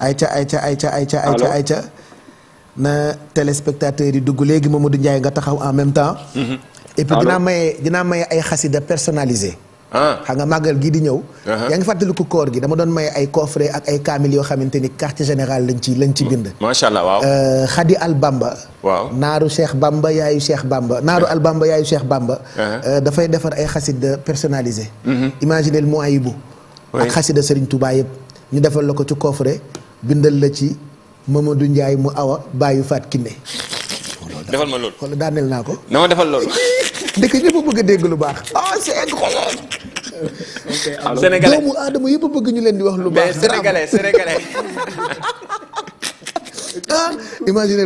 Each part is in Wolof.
ay ca ayca ayca ayca ayca na téléspectateurs yi dugg léegi moom du Ndiaye nga taxaw en même temps mhm. et puis dinaa maye dinaa maye ay xasida personnalisé ah. xam nga màggal gii di ñëw uh-huh. yaa ngi fàttaliku koor gi dama doon maye ay coffret ak ay kaamil yoo xamante ni quartier général lañ ci lañ ci bind macha allah xadi euh, al bamba waaw naaru cheikh bamba yaayu cheikh bamba naaru al bamba yaayu cheikh bamba uh-huh. euh, dafay defar ay xasida personnalisé mhm. imaginez le Mouayibou ak xasida Serigne Touba yëpp ñu defal la ko ci coffret bindal la ci Mamadou njaay mu awa bàyyi faat kinne defal ma loolu wala daaneel naa ko. na ma defal loolu. ndeke ñëpp bëgg dégg lu baax. ah c'est incroyable. aadama yëpp bëgg ñu leen di wax lu baax. mais sénégalais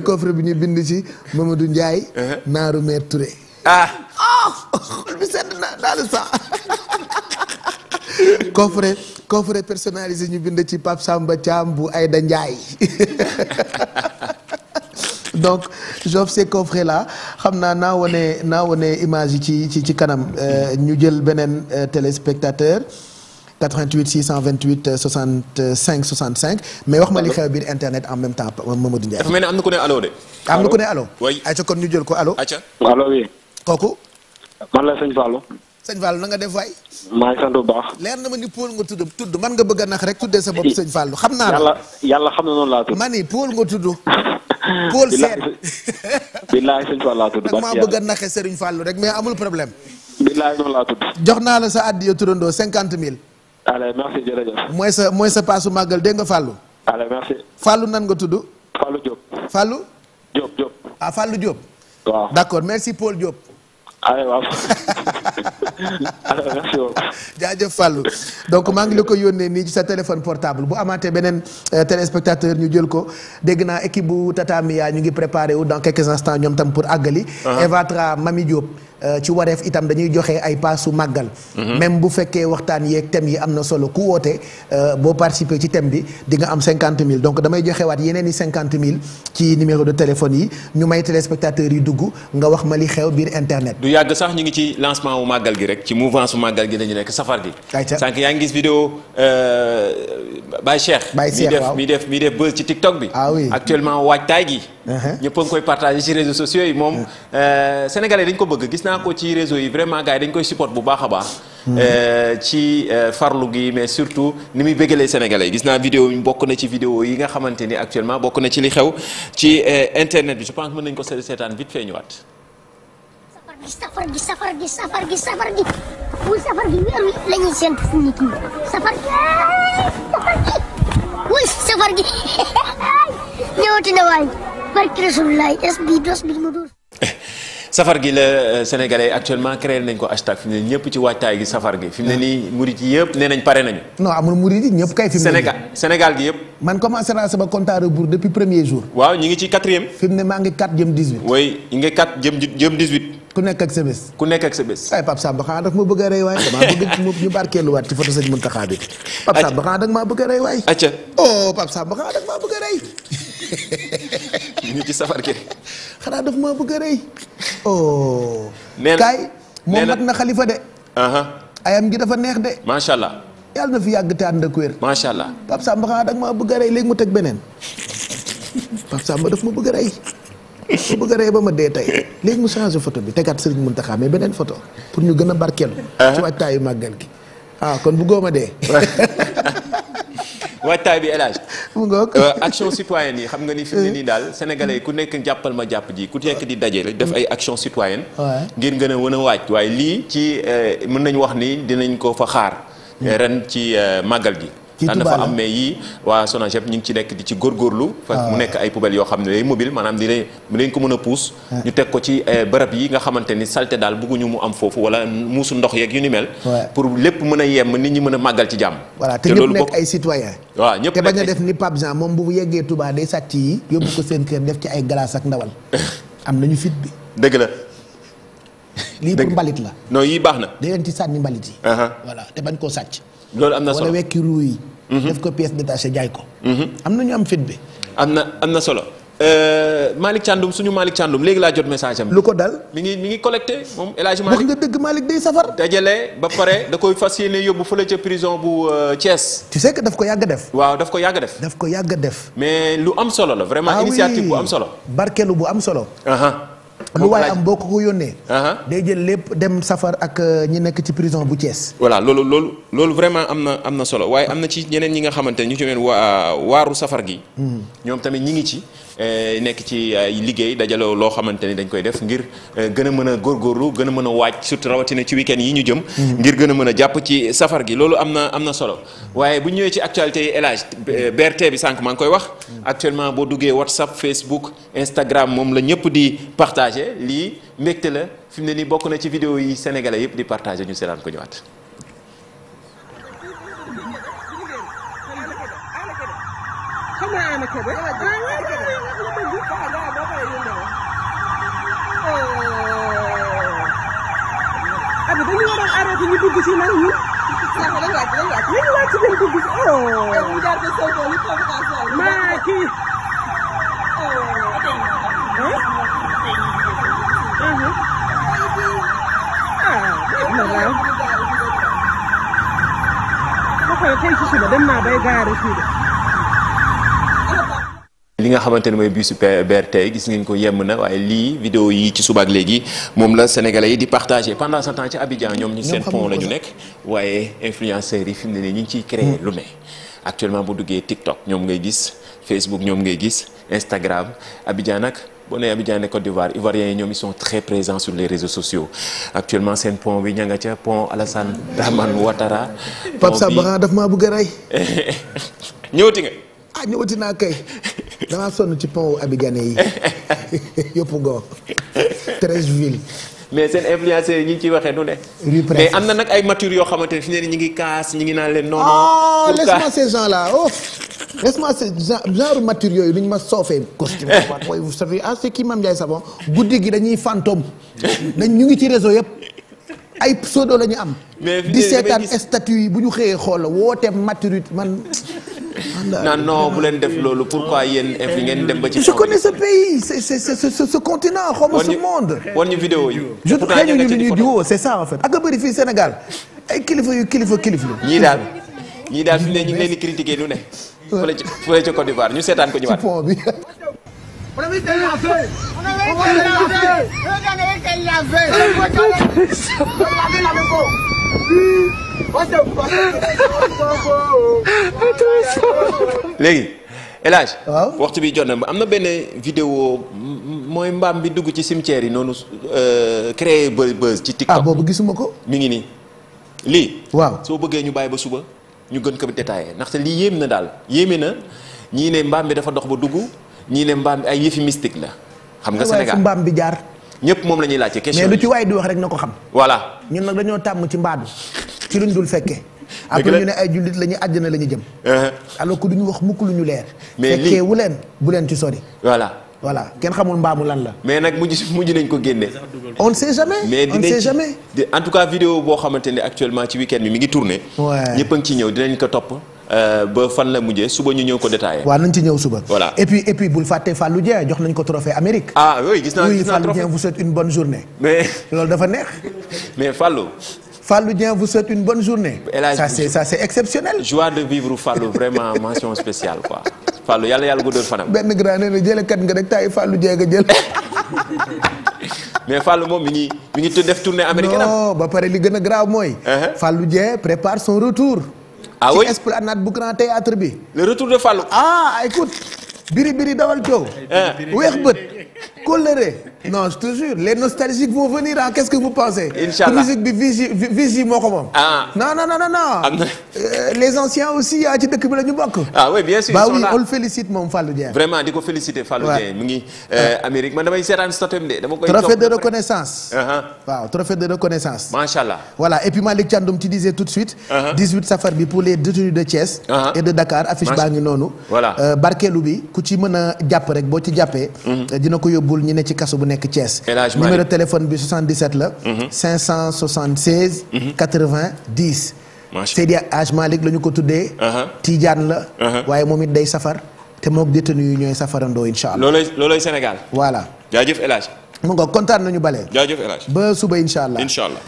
ah, coffre bi ñu bind ci Mamadou njaay uh-huh. naaru maire Touré. ah. ah xol bi sedd na daal sax. coffret coffret personnalisé ñu bind ci Pape Samba Thiam bu Aïda Ndiaye donc j'offre ces coffrets là xam naa naa wane naa wane image yi ci ci ci kanam euh, ñu jël beneen euh, téléspectateur 88 628 65 cinq mais wax ma li xew biir internet en même temps Mamadou Ndiaye. dafa mel ne am na ku ne allo de. am na ku ne allo. oui ayca kon ñu jël ko allo. ayca allo oui. kooku. man sëñ Fallou na nga def waay. maa ngi sant bu baax. leer na ma ni Paul nga tudd tudd man nga bëgg a nax rek tuddee sa bopp sëñ Fallou xam naa. yàlla yàlla ma ni Paul nga tudd. Paul seet. billaay sëñ Fallou laa a naxe Serigne Fallou rek mais amul problème. billaay noonu laa tudd. jox naa la sa addiya turandoo cinquante mille. allez merci mooy sa mooy sa paasu màggal dégg nga Fallou. allez merci. Fallou nan nga tudd. Fallou Diop. Fallou. Diop ah, d'accord merci Paul Diop. waaw merci beaucoup. donc maa ngi la ko yónnee nii ci sa téléphone portable bu amaatee beneen euh, téléspectateur ñu jël ko dégg naa équipe bu Tata Mia ñu ngi préparé wu dans quelques instants ñoom tam pour àggali. Uh-huh. Evatra Mami Diop. Euh, ci wareef itam dañuy joxe ay paasu màggal. Mhm. même bu fekkee waxtaan yeeg thème yi am na solo ku woote euh, boo participer ci thème bi di nga am cinquante mille donc damay joxe waat yeneen i cinquante mille ci numéro de téléphone yi ñu may téléspectateurs yi dugg nga wax ma li xew biir internet. du yàgg sax ñu ngi ci lancement wu màggal gi rek ci mouvement su màggal gi lañu nekk safar gi. sànq yaa ngi gis vidéo euh, Baye Cheikh. Baye Cheikh waaw mi def mi def mi def buzz ci TikTok bi. ah oui actuellement waajtaay gi. Uh-huh. ñëpp a ngi koy moom uh-huh. sénégalais dañ ko bëgg gis naa ko ci réseau yi vraiment gars yi dañ koy support bu baax a baax. Hmm. Euh, ci euh, farlu gi mais surtout ni muy bëggalee sénégalais yi gis naa vidéo yi bokk na ci vidéo yi nga xamante ni actuellement bokk na ci li xew ci euh, internet bi je pense mën nañ ko seetaan vite fee ñëwaat. safar gi safar safar gi la euh, sénégalais actuellement créé nañ ko hashtag fi mu ne ñëpp ci waajtaay gi safar gi. fi mu ne nii murit yi yëpp nee nañ pare nañu. non amul murit yi ñëpp kay. fi ne Sénégal gi yëpp. man commencé naa sama compte à rebours depuis premier jour. waaw ñu ngi ci quatrième. fi mu ne maa ngi 4 jëm 18. oui ñu ngi 4 jëm jëm 18. ku nekk ak sa bés. ku nekk ak sa bés. ay Pape Samba daf ma bëgg a rey waay nga maa bëgg a rey waay. acca oh Pape Samba xanaa da maa bëgg ñu ci safar gi xanaa daf maa bëgg a rëy oh na kaay moom mat na xalifa de ayam gi dafa neex de macha allah yàlla na fi yàgg te ànd ak wér macha allah Pape Samba xanaa da nga maa bëgg a rëy léegi mu teg beneen Pape Samba daf ma bëgg a rëy su bëgg a rey ba ma dee tey léegi mu changé photo bi tegaat Serigne Mountakha mais beneen photo pour ñu gën a barkeelu. ci waajtaayu màggal gi ah kon bu góoma dee. waajtaay bi élage mu ngoog euh, action citoyenne yi xam nga ni fi nii daal sénégalais yi ku nekk jàppal ma jàpp ji ku nekk di daje rek def mm. ay action citoyenne ngir gën a mën a waaj waaye lii ci euh, mën nañu wax ni dinañ ko fa xaar mm. ren ci euh, màggal gi daan na am mais yii waa SONAGED ñu ngi ci nekk di ci góorgóorlu fa mu nekk ay poubelles yoo xam ne day mobile maanaam di leen ko mën a puus ñu teg ko ci eh, barab yi nga xamante ni salte daal bëgguñu mu am foofu wala muusu ndox yeeg yu ni mel pour lépp mën a yemm ni ñu mën a màggal ci jàmm voilà te ñëpp nekk ay citoyen waaw ñëpp te ni Pape Jean moom bu yeggee Touba day sàcc yi seen kër def ci ay glace ak ndawal am nañu fit bi dëgg la mbalit la non baax na day leen ci sànni yi uh-huh. voilà te bañ koo sàcc loolu am na solo wala wekki ruu yi. Mhm. def ko pièce détachée jaay ko. Mhm. am na am fit bi. am na am na solo. Euh, Malick Thiandoum suñu Malick léegi laa jot message am. lu ko dal mi ngi mi ngi collecté moom El Hadj Malick nga dëgg Malick day safar. dajale ba pare da koy fas yéene yóbbu fële ca prison bu euh, Thiès. tu sais que daf ko yàgg def. waaw daf ko yàgg def. daf ko yàgg def. mais lu am solo la. vraiment ah initiative bu am solo. barkeelu bu am solo. lu waaye am boo ko ko yónnee. Uh-huh. day jël lépp dem safar ak euh, ñi nekk ci prison bu cees voilà loolu loolu loolu vraiment am na am na solo waaye am na ci ñeneen ñi nga xamante ne ñu ci waa waaru safar gi. Hmm. ñoom tamit ñi ngi ci. Eh, nekk ci liggéey dajale loo xamante ni dañ koy def ngir eh, gën a mën a góor góorlu gën a mën a waaj surtout rawatina ci week-end yi ñu jëm. Mm-hmm. ngir gën a mën a jàpp ci safar gi loolu am na am na solo waaye bu ñëwee ci actualité yi El Hadj eh, BRT bi sànq maa ngi koy wax. Mm-hmm. actuellement boo duggee WhatsApp Facebook Instagram moom la ñëpp di partager lii mbégte la fi mu ne nii bokk na ci vidéo yi sénégalais yëpp di partager ñu seetaan ko ñëwaat. Come abi dañu waroon arrêté ñu dugg ci nag ñu. ndax dañu wàcc dañu wàcc. dañu wàcc dem dugg ci oh. yow mu jaar ba Sow ñu convocation bi. maa kii. ah. ah. ba pare tey ci suba dem naa bay gaare fii de. li nga xamante ne mooy bus BRT gis ngeen ko yemm na waaye lii vidéo yi ci subaak léegi moom la sénégalais yi di partagé pendant ce temps ci Abidjan ñoom ñu seen pont la nekk waaye influenceurs yi fi mu ne nii ñu ngi ci créer lu ne actuellement bu duggee TikTok ñoom ngay gis Facebook ñoom ngay gis Instagram Abidjan nag boo nee Abidjan ne Côte d'Ivoire Ivoiriens yi ñoom ils sont très présents sur les réseaux sociaux actuellement seen pont bi ña nga ca pont Alassane a damaa sonn ci pont Abidjané yi yëpp góor treize villes. mais seen influenceurs yi ñu ngi ciy waxee nu ne. mais am na nag ay mature yoo xamante ne fi ñu ngi kaas ñu ngi naan leen. non non ah, oh laisse-moi ces gens là oh laisse ces genre mature yooyu lu ñu ma soofee costume mooy vous savez ah c'est qui Mame Ndiaye Savon guddi gi dañuy fantôme dañ ñu ngi ci réseau yëpp. ay pseudo lañu am. mais di seetaan statut yi bu ñu xëyee xool woote maturité man non non bu leen def loolu pourquoi yéen fi ngeen dem ba ci. je connais ce pays c'est c'est c'est ce continent xaw ma ce monde. wan ñu vidéo yi. je xëy na ñu ngi ñuy diwoo c'est ça en fait. ak a bëri fii Sénégal ay kilifa yu kilifa kilifa. ñii daal ñii daal fi mu ne ñu ngi leen di critiquer lu ne. fële ca fële ca Côte d'Ivoire ñu seetaan ko ñëwaat ci pont bi. léegi El Hadj waxtu bi jot na am na benn video mooy mbaam bi dugg ci cimetière yi noonu euh, créé buzz ci TikTok. ah boobu gisuma ko. mi ngi nii lii. waaw soo bëggee ñu bàyyi ba suba ñu gën ko détaillé ndaxte lii yéem na daal yéeme na ñii ne mbaam bi dafa dox ba dugg ñii ne mbaam bi ay yëfi mystique la. xam nga Sénégal mbaam bi jaar. ñëpp moom la ñuy laajte question mais lu ci waay di wax rek na ko xam. voilà ñun nag dañoo tàmm ci mbaadu ci luñ dul fekkee. après ñu ne ay jullit la ñuy àjjana la ñu jëm. Uh-huh. alors que duñu wax mukk lu ñu leer. mais lii fekkee wu leen bu leen ci sori. voilà voilà kenn xamul mbaamu lan la. mais nag mujj mujj nañ ko génne. on ne sait jamais. mais on ne jamais. en tout cas vidéo boo xamante ne actuellement ci week-end bi mi ngi tourné. waay ñëpp ciy ñëw dinañ ko topp. Euh, ba fan la mujjee suba ñu ñëw ko détaillé. waaw nañ ci ñëw suba. voilà et puis et puis bul fàtte Fallou Dieng jox nañ ko trophée Amérique. ah oui gis naa gis naa trophée oui Fallou Dieng vous mais loolu dafa neex. mais Fallou. Fallou Dieng vous souhaite une bonne journée. ça c'est ça c'est exceptionnel. joie de vivre Fallou vraiment mention spéciale quoi. Fallou yàlla yàlla guddal fanam. benn grand nee na jëlee kat nga rek taay Fallou Dieng a jël. mais Fallou moom mi ngi mi ngi def tournée américaine. non ba pare li gën a grave mooy. Uh-huh. Fallou Dieng prépare son retour. ah oui ci esplanade bu grand théâtre bi. le retour de Fallou. ah écoute. biri biri dawal coow. Eh. weex bët. coléré non je les nostalgiques vont venir ah qu'est-ce que vous pensez. incha allah bi Vigie moo ko moom. ah non non euh, les anciens aussi ah ci dëkk bi la ñu bokk. ah oui bien sûr bah oui on le félicite moom Fallou di ko féliciter Fallou Dieng. mu ngi euh, Amérique man damay seetaan statut de dama koy. trophée de reconnaissance. Uh-huh. waaw trophée de reconnaissance. macha allah et puis Malick Thiandoum tu disais tout de suite. 18 uh-huh. safar bi pour les détenus de Thiès. Uh-huh. et de Dakar affiche baa ngi noonu. Euh, barkeelu bi ku ci mën a jàpp rek boo ci jàppee. Mm-hmm. dina ko yóbbul ñi ne ci kaso bu nekk Thiès. numéro téléphone bi 77 la. 576. 80 10. Seydi Aj Malick la ñu ko tuddee. Uh-huh. Tidiane la. Uh-huh. waaye moom it day safar te mook détenu yi ñooy safarandoo incha allah. loolooy Sénégal. voilà jaajëf El Hadj mu nga kontaan nañu bale. jaajëf El Hadj ba suba incha allah incha allah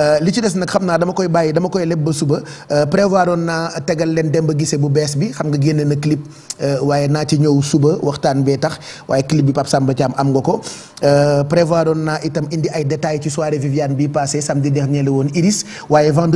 euh, li ci des nag xam naa dama koy bàyyi dama koy leb ba suba euh, prévoir oon naa tegal leen dem ba gisee bu bees bi xam nga génne na clip euh, waaye naa ci ñëw suba waxtaan bee tax waaye clip bi Pape Samba Thiam am nga ko prévoir oon naa itam indi ay détails ci soirée Viviane bi passé samedi dernier la woon Iris waaye vendredi